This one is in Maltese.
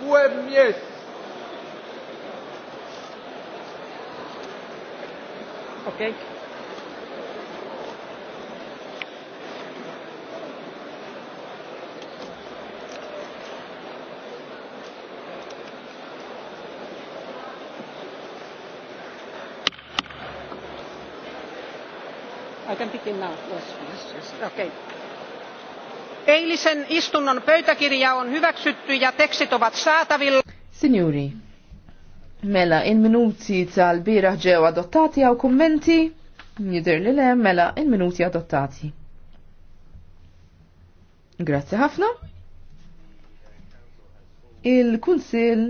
puhemies. Okay. I can pick him now. Yes, yes, yes. Okay. Eilisen istunnon pöytäkirja on hyväksytty ja tekstit ovat saatavilla. Signori, mela in minuti tal-biraħ ġew adottati għaw kommenti, Jidir li le, mela in minuti adottati. Grazie ħafna. Il-Kunsil